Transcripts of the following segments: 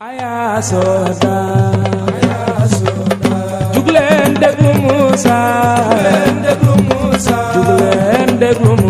ayaa sooda jugleen déglu Moussa jugleen déglu Moussa jugleen déglu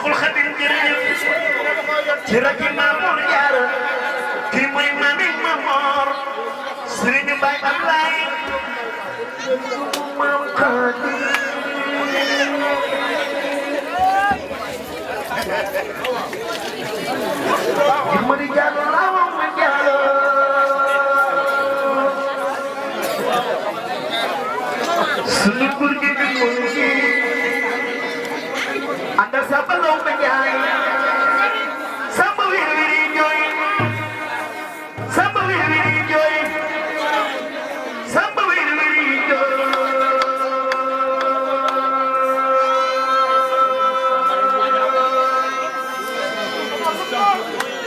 Cheikhul Khadim jërëjëf ci rakki Mamour Diarra kii mooy mami Mamor Serigne Mbaye Ablaye Maam Khady Mari Diarra lawa ma Diarra sunu góor gi samba lomba njaay samba wirwiri jooy samba wirwiri jooy samba wirwiri jooy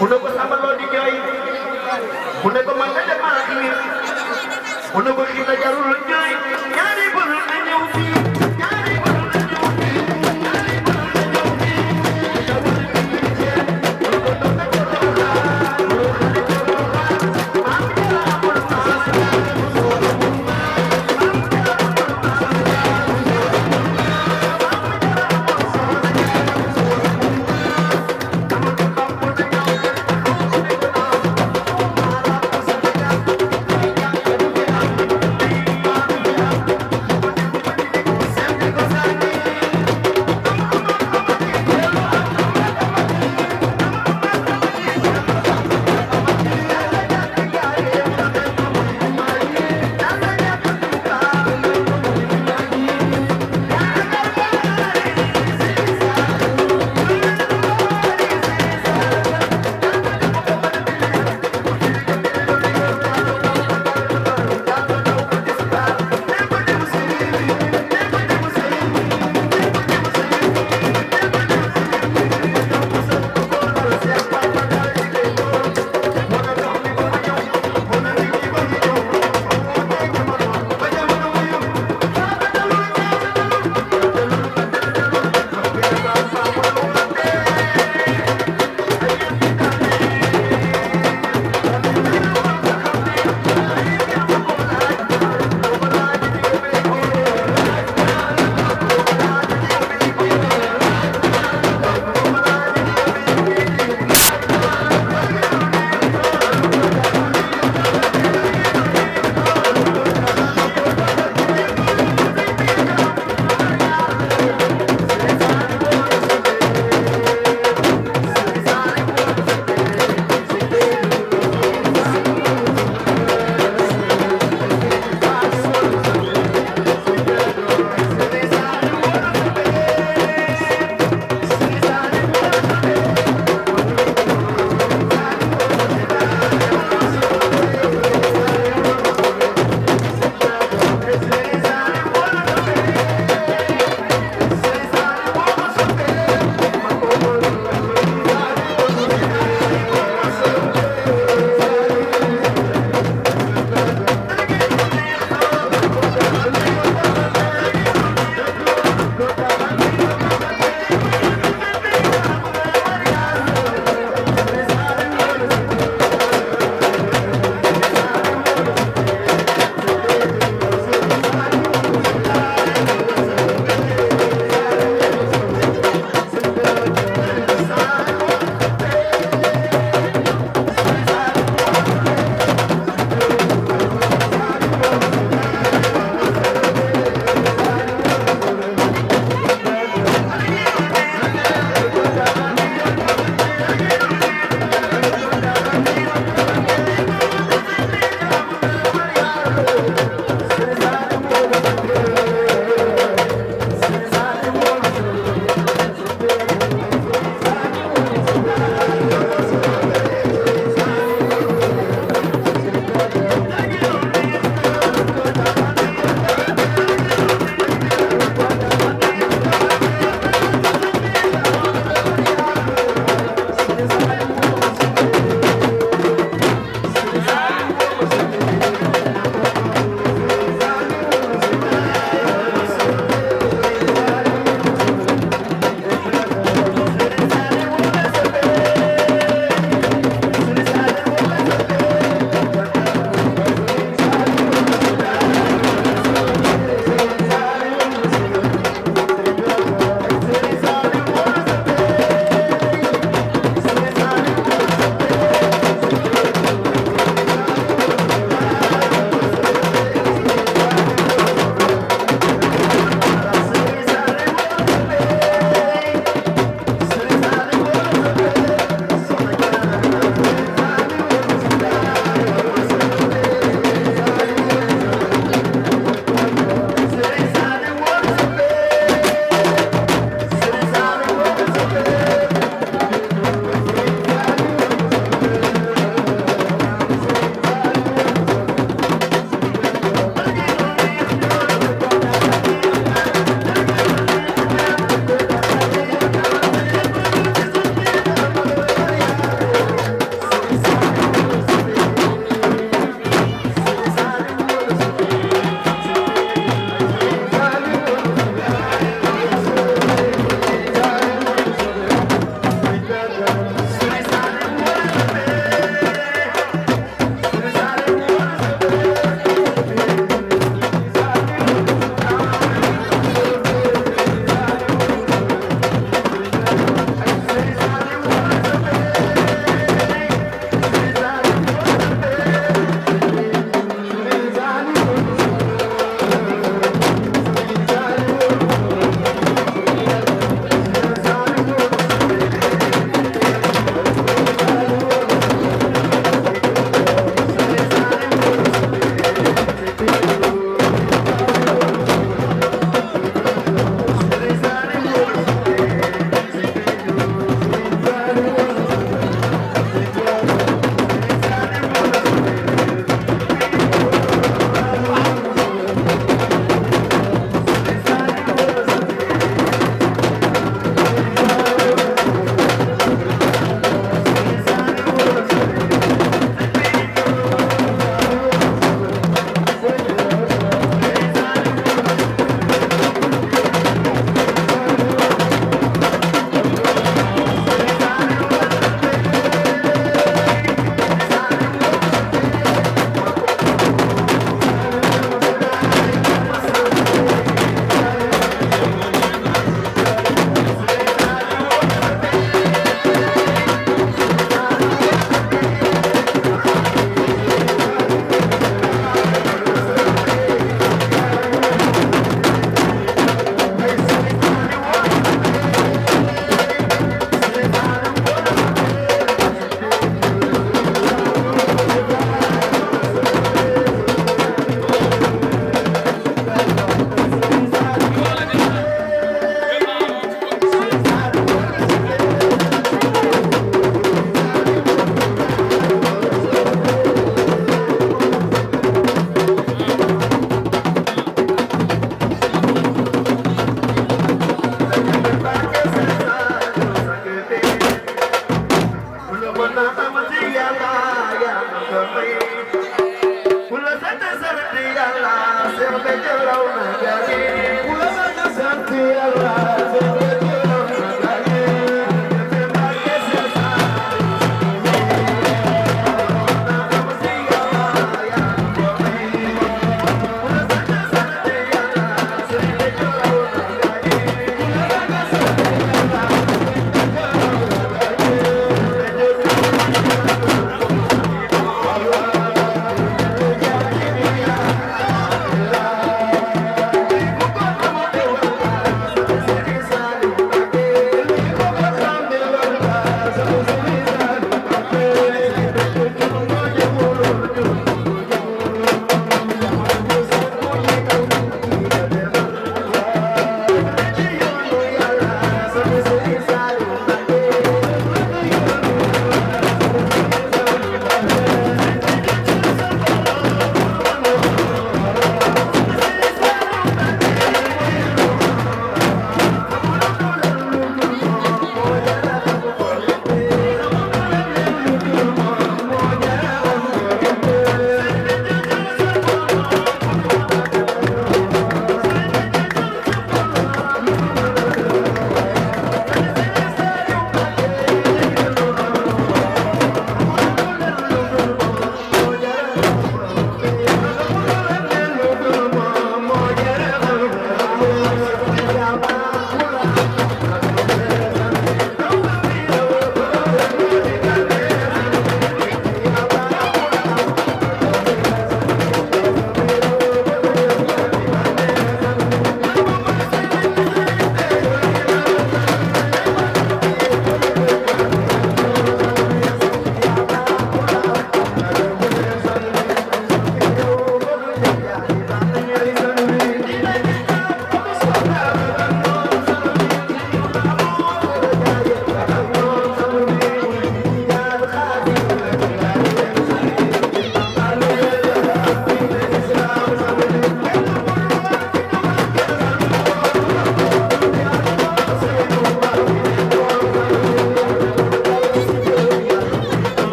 mu ne ko samba loo di jooy mu ne ko man nga def maa ngi mu ne ko xiina jarul jooy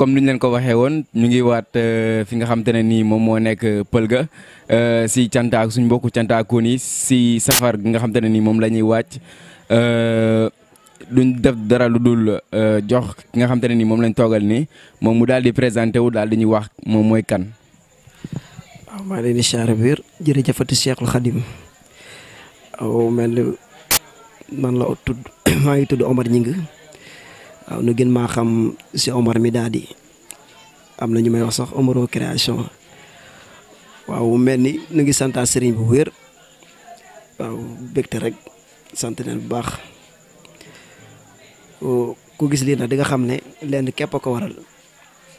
comme ni ñu leen ko waxee woon ñu ngi waat euh, fi nga xam te ne nii moom moo nekk euh, Pëlga euh, si canta ak suñ mbokku cantaakoon nii si safar gi nga xam te ne nii moom lañuy ñuy wàcc duñ def dara lu dul jox ki nga xamte te ne nii moom lañ toogal nii moom mu daal di présenté wu daal di ñuy wax moom mooy kan. waaw maa leen di siyaare biir mel ni man la tudd maa ngi tudd Omar Gningue. waaw nu gën maa xam si Omar mi daa di am na ñu may wax sax Omaro création waaw mel ni nu ngi santaa sëriñ bu wér waaw bégte rek sant neen bu baax ku gis lii nag di nga xam ne lenn képp ko waral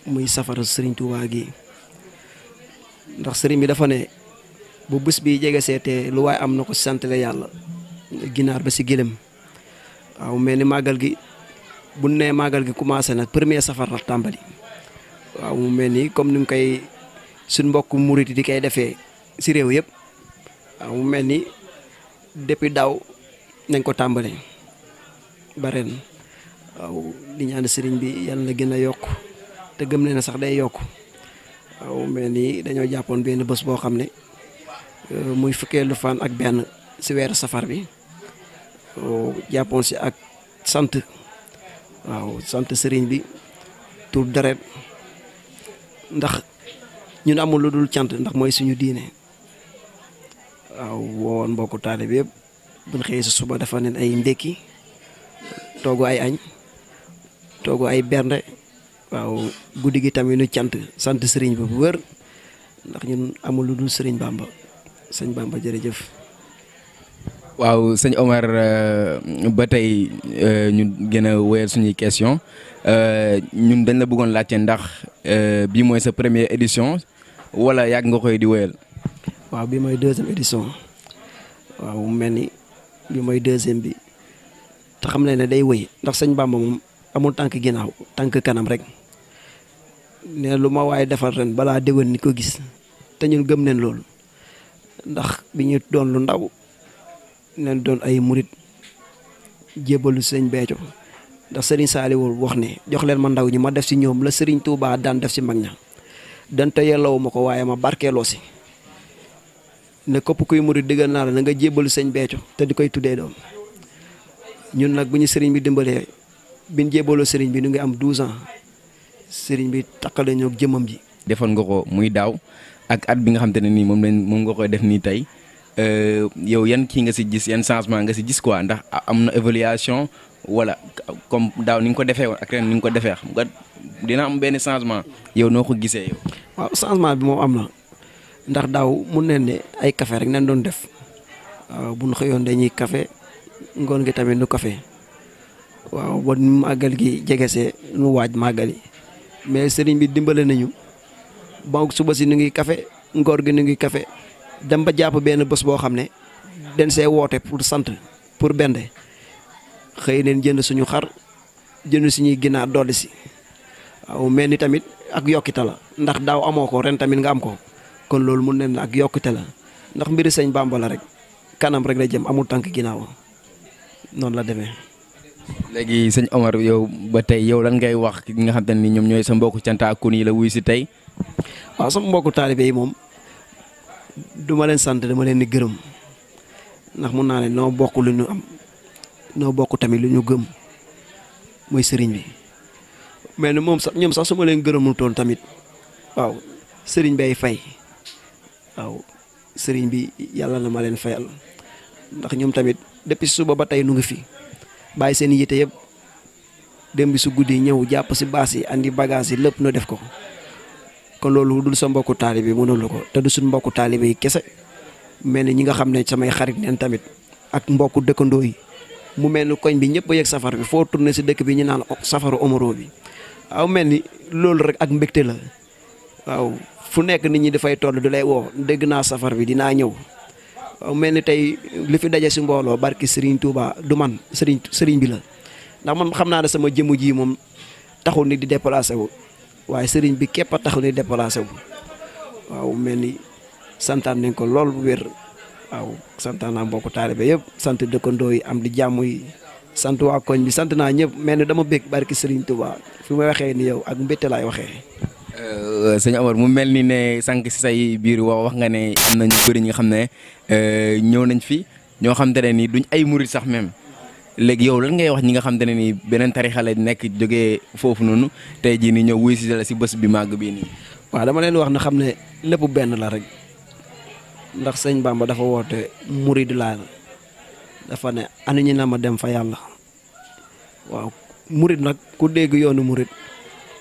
muy safara sëriñ Tuubaa gi ndax sëriñ bi dafa ne bu bés bi jege seetee lu waaye am na ko santale yàlla ginaar ba si gëlëm waaw mel ni màggal gi bu nee màggal gi commencé na premier safar la tàmbali waaw mu mel ni comme ni mu koy suñ mbokk murit di koy defee si réew yëpp waaw mu mel ni depuis daaw nañ ko tàmbali ba ren waaw di ñaan sëriñ bi yan la gën a yokk te gëm ne na sax day yokk waaw mel nii dañoo jàppoon benn bës boo xam ne euh, muy fukkeelu fan ak benn si weeru safar bi jàppoon si ak sant waaw sant sëriñ bi tur deret ndax ñun amul lu dul cant ndax mooy suñu diine waaw woowoon taale bi yëpp buñ xëyee si suba dafa nen ay ndékki toogu ay añ toogu ay bernde waaw guddi gi tamit ñu cant sant sëriñ ba bu wër ndax ñun amul lu dul sëriñ Bamba sëñ Bamba jërëjëf waaw sëñ Omar euh, ba tey euh, ñu gën a wéyal suñuy question euh, ñun dañ la buggoon laajte ndax bii mooy sa première édition wala yàgg nga koy di wéyal. waaw bii mooy deuxième édition waaw mel ni bii mooy deuxième bi te xam ne ne day woy ndax sëñ Bamba moom amul tànk ginnaaw tànk kanam rek ne lu ma waaye defar ren balaa déwén ni ko gis te ñun gëm neen loolu ndax bi ñu doon lu ndaw. nañ doon ay murit jébbalu sëñ beejo ndax sëriñ Saliou wax ne jox leen ma ndaw ñi ma def si ñoom la sëriñ tuubaa daan def si mag ña dante yellawu ma ko waaye ma barkeeloo si ne képp kuy murit diggal naa la na nga jébbalu sëñ Béthio te di koy tuddee doom ñun nag bu ñu sëriñ bi dimbalee bi ñu sëriñ bi ñu ngi am 12 ans sëriñ bi takkale ñoo jëmmam ji. defoon nga ko muy daaw ak at bi nga xam te ne nii moom lañ moom nga koy def nii tey. Euh, yow yan kii nga si gis yan changement nga si gis quoi ndax am na évaluation wala comme daaw ni nga ko defee woon ak ren ni nga ko defee xam nga dina am benn changement yow noo ko gisee yow. bi moom am na ndax daaw mun nañ de ay café rek nañ doon def waaw bu ñu xëyoon dañuy kafe ngoon gi tamit nu kafe waaw ba màggal gi jegesee nu waaj màggal yi mais sëriñ bi dimbale nañu ba suba si nu ngi café ngoor gi nu ngi café dem ba jàpp benn bés boo xam ne den see woote pour sant pour bende xëy neen jënd suñu xar jënd suñuy ginaar dolli si waaw mel ni tamit ak yokkite la ndax daaw amoo ko ren tamit nga am ko kon loolu mun nañ ak yokkite la ndax mbiri sëñ Bàmba la rek kanam rek la jëm amul tànk ginnaaw noonu la demee. léegi sëñ Omar yow ba tey yow lan ngay wax ki nga xam te ni ñoom ñooy sa mbokku cantaakun yi la wuy si tey. waaw sama mbokku taalibe yi moom. duma leen sant dama leen di gërëm ndax mun naa ne noo bokk lu ñu am noo bokk tamit lu ñu gëm mooy sëriñ bi mais moom sax ñoom sax su ma leen gërëmul toon tamit waaw sëriñ bay fay waaw sëriñ bi yàlla na ma leen fayal ndax ñoom tamit si suba ba tey nu ngi fi bàyyi seen yite yëpp dem su guddi ñëw jàpp si baas yi andi bagage yi lépp noo def ko kon loolu dul sa mbokku taalibe mënul ko te du suñ mbokku taalibe yi kese mel ni ñi nga xam ne samay xarit neen tamit ak mbokku dëkkandoo yi mu mel ni koñ bi ñëpp a yegg safar bi foo tourné si dëkk bi ñu naan safaru Omaro bi waaw mel ni loolu rek ak mbégte la waaw nekk nit ñi dafay toll du lay woo dégg naa safar bi dinaa ñëw waaw mel ni tey li fi daje si mbooloo barki Serigne Touba du man Serigne Serigne bi la ndax man xam naa ne sama jëmu ji moom taxul nit di déplacé wu. waaye sëriñ bi képp a tax ni déplacé wu waaw mel ni santaan nañ ko lool weer wér waaw santaan naa mbokku taalibe yëpp sant dëkkandoo yi am di jàmm yi sant waa koñ bi sant naa ñëpp mel ni dama bég barki sëriñ Touba fi may waxee ni yow ak mbétte laay waxee. Euh, sëñ Omar mu mel ni ne sànq si say biir wax wax nga ne am na ñu bëri ñi nga xam ne euh, ñëw nañ fi ñoo xam te ne ni duñ ay murit sax même. léegi yow lan ngay wax ñi nga xam te ne nii beneen tarixa nekk jógee foofu noonu tey jii nii ñëw wuy si la si bës bi màgg bii nii. waa dama leen wax na xam ne lépp benn la rek ndax sëñ ma dafa woote murid laa dafa ne anu ñu na ma dem fa yàlla waaw murid nag ku dégg yoonu murid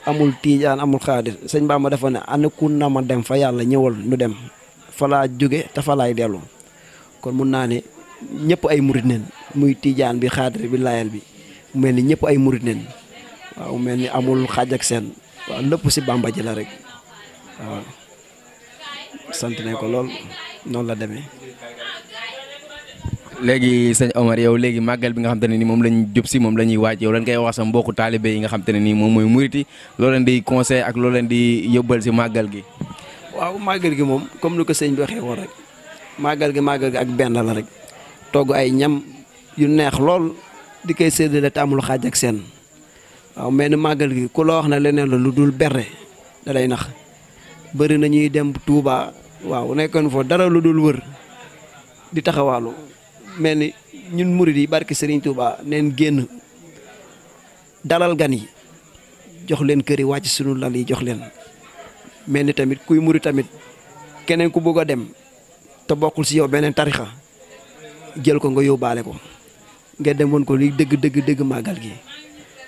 amul tiijaan amul xaadir sëñ Bamba dafa ne ana na ma dem fa yàlla ñëwal ñu dem fa laa jóge te fa laay dellu kon mun naa ne ñëpp ay murit neen muy tiijaan bi xaadir bi layal bi mu mel ni ñëpp ay murit neen waaw mel ni amul xaaj ak seen waaw lépp si bàmba la rek waaw sant nañ ko lool noonu la demee. léegi sëñ Omar yow léegi màggal bi nga xam ne nii moom lañ jub si moom lañuy ñuy waaj yow lan ngay wax sa mbokku taalibe yi nga xam ne nii moom mooy muriti loo leen di conseil ak loo di yóbbal si màggal gi. waaw màggal gi moom comme ni ko sëñ bi waxee woon rek màggal gi màggal gi ak benn la rek. togg ay ñam yu neex lool di koy séddale te amul xaaj ak seen waaw mel ni màggal gi ku la wax na leneen la lu dul berne dalay nax bëri na ñuy dem Touba waaw nekkoon foo dara lu dul wër di taxawaalu mel ni ñun murid yi barki Serigne Touba neen génn dalal gan yi jox leen kër yi wàcc sunu lal yi jox leen mel ni tamit kuy murid tamit keneen ku bëgg a dem te bokkul si yow beneen tarixa jël ko nga yóbbaale ko nga dem woon ko li dëgg dëgg dëgg màggal gi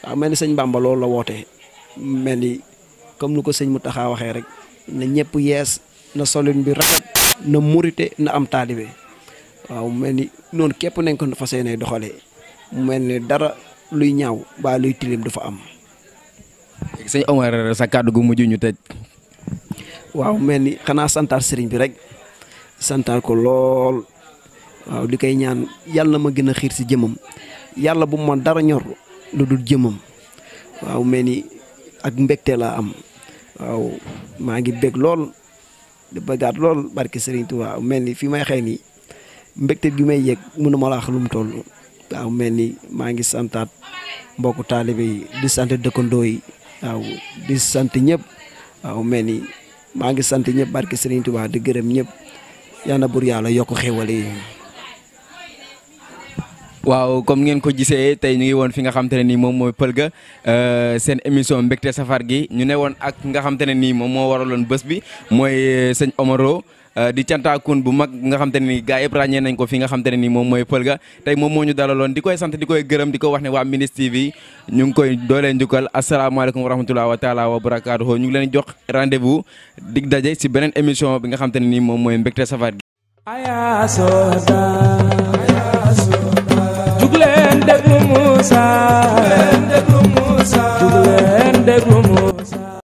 waaw mel ni sëñ Bamba loolu la woote mel ni comme ni ko sëñ Mountakha waxee rek na ñëpp na solin bi rafet na murite na mel ni noonu képp nañ ko fas yéene mel ni dara luy ñaaw ba luy tilim du fa am. léegi sëñ sa kàddu gu mujj ñu tëj. waaw mel ni xanaa santaar sëriñ bi rek santaar ko lool waaw di koy ñaan yàlla ma gën a xiir si jëmam yàlla bu ma dara ñor lu dul jëmam waaw mel ni ak mbégte laa am waaw maa ngi bég lool di bëggaat lool barke Serigne mel ni fi may xëy nii mbégte bi may yegg mënuma laa wax lu mu toll waaw mel ni maa ngi santaat mbokku taalibe yi di sant dëkkandoo yi waaw di sant ñëpp waaw mel ni maa ngi sante ñëpp barke Serigne Touba di gërëm ñëpp yàlla na bur yàlla yokk xéwale yi waaw comme ngeen ko gisee tey ñu ngi woon fi nga xamante ne nii moom mooy Pël ga euh, seen émission mbégte safar gi ñu ne woon ak nga xamante ne nii moom moo waraloon bés bi mooy euh, sëñ Omaro euh, di cantaakun bu mag nga xam te ne nii nañ ko fi nga xam te ne nii moom mooy Pël ga tey moom moo ñu dalaloon di koy sant di koy gërëm di ko wax ne waa Mindiss TV ñu ngi koy doolee njukkal asalaamaaleykum wa rahmatulah wa taala wa barakaatuhu ñu ngi leen jox rendez-vous daje si beneen émission bi nga xam ne nii moom mooy mbégte safar gi déglu Moussa. déglu Moussa. déglu Moussa.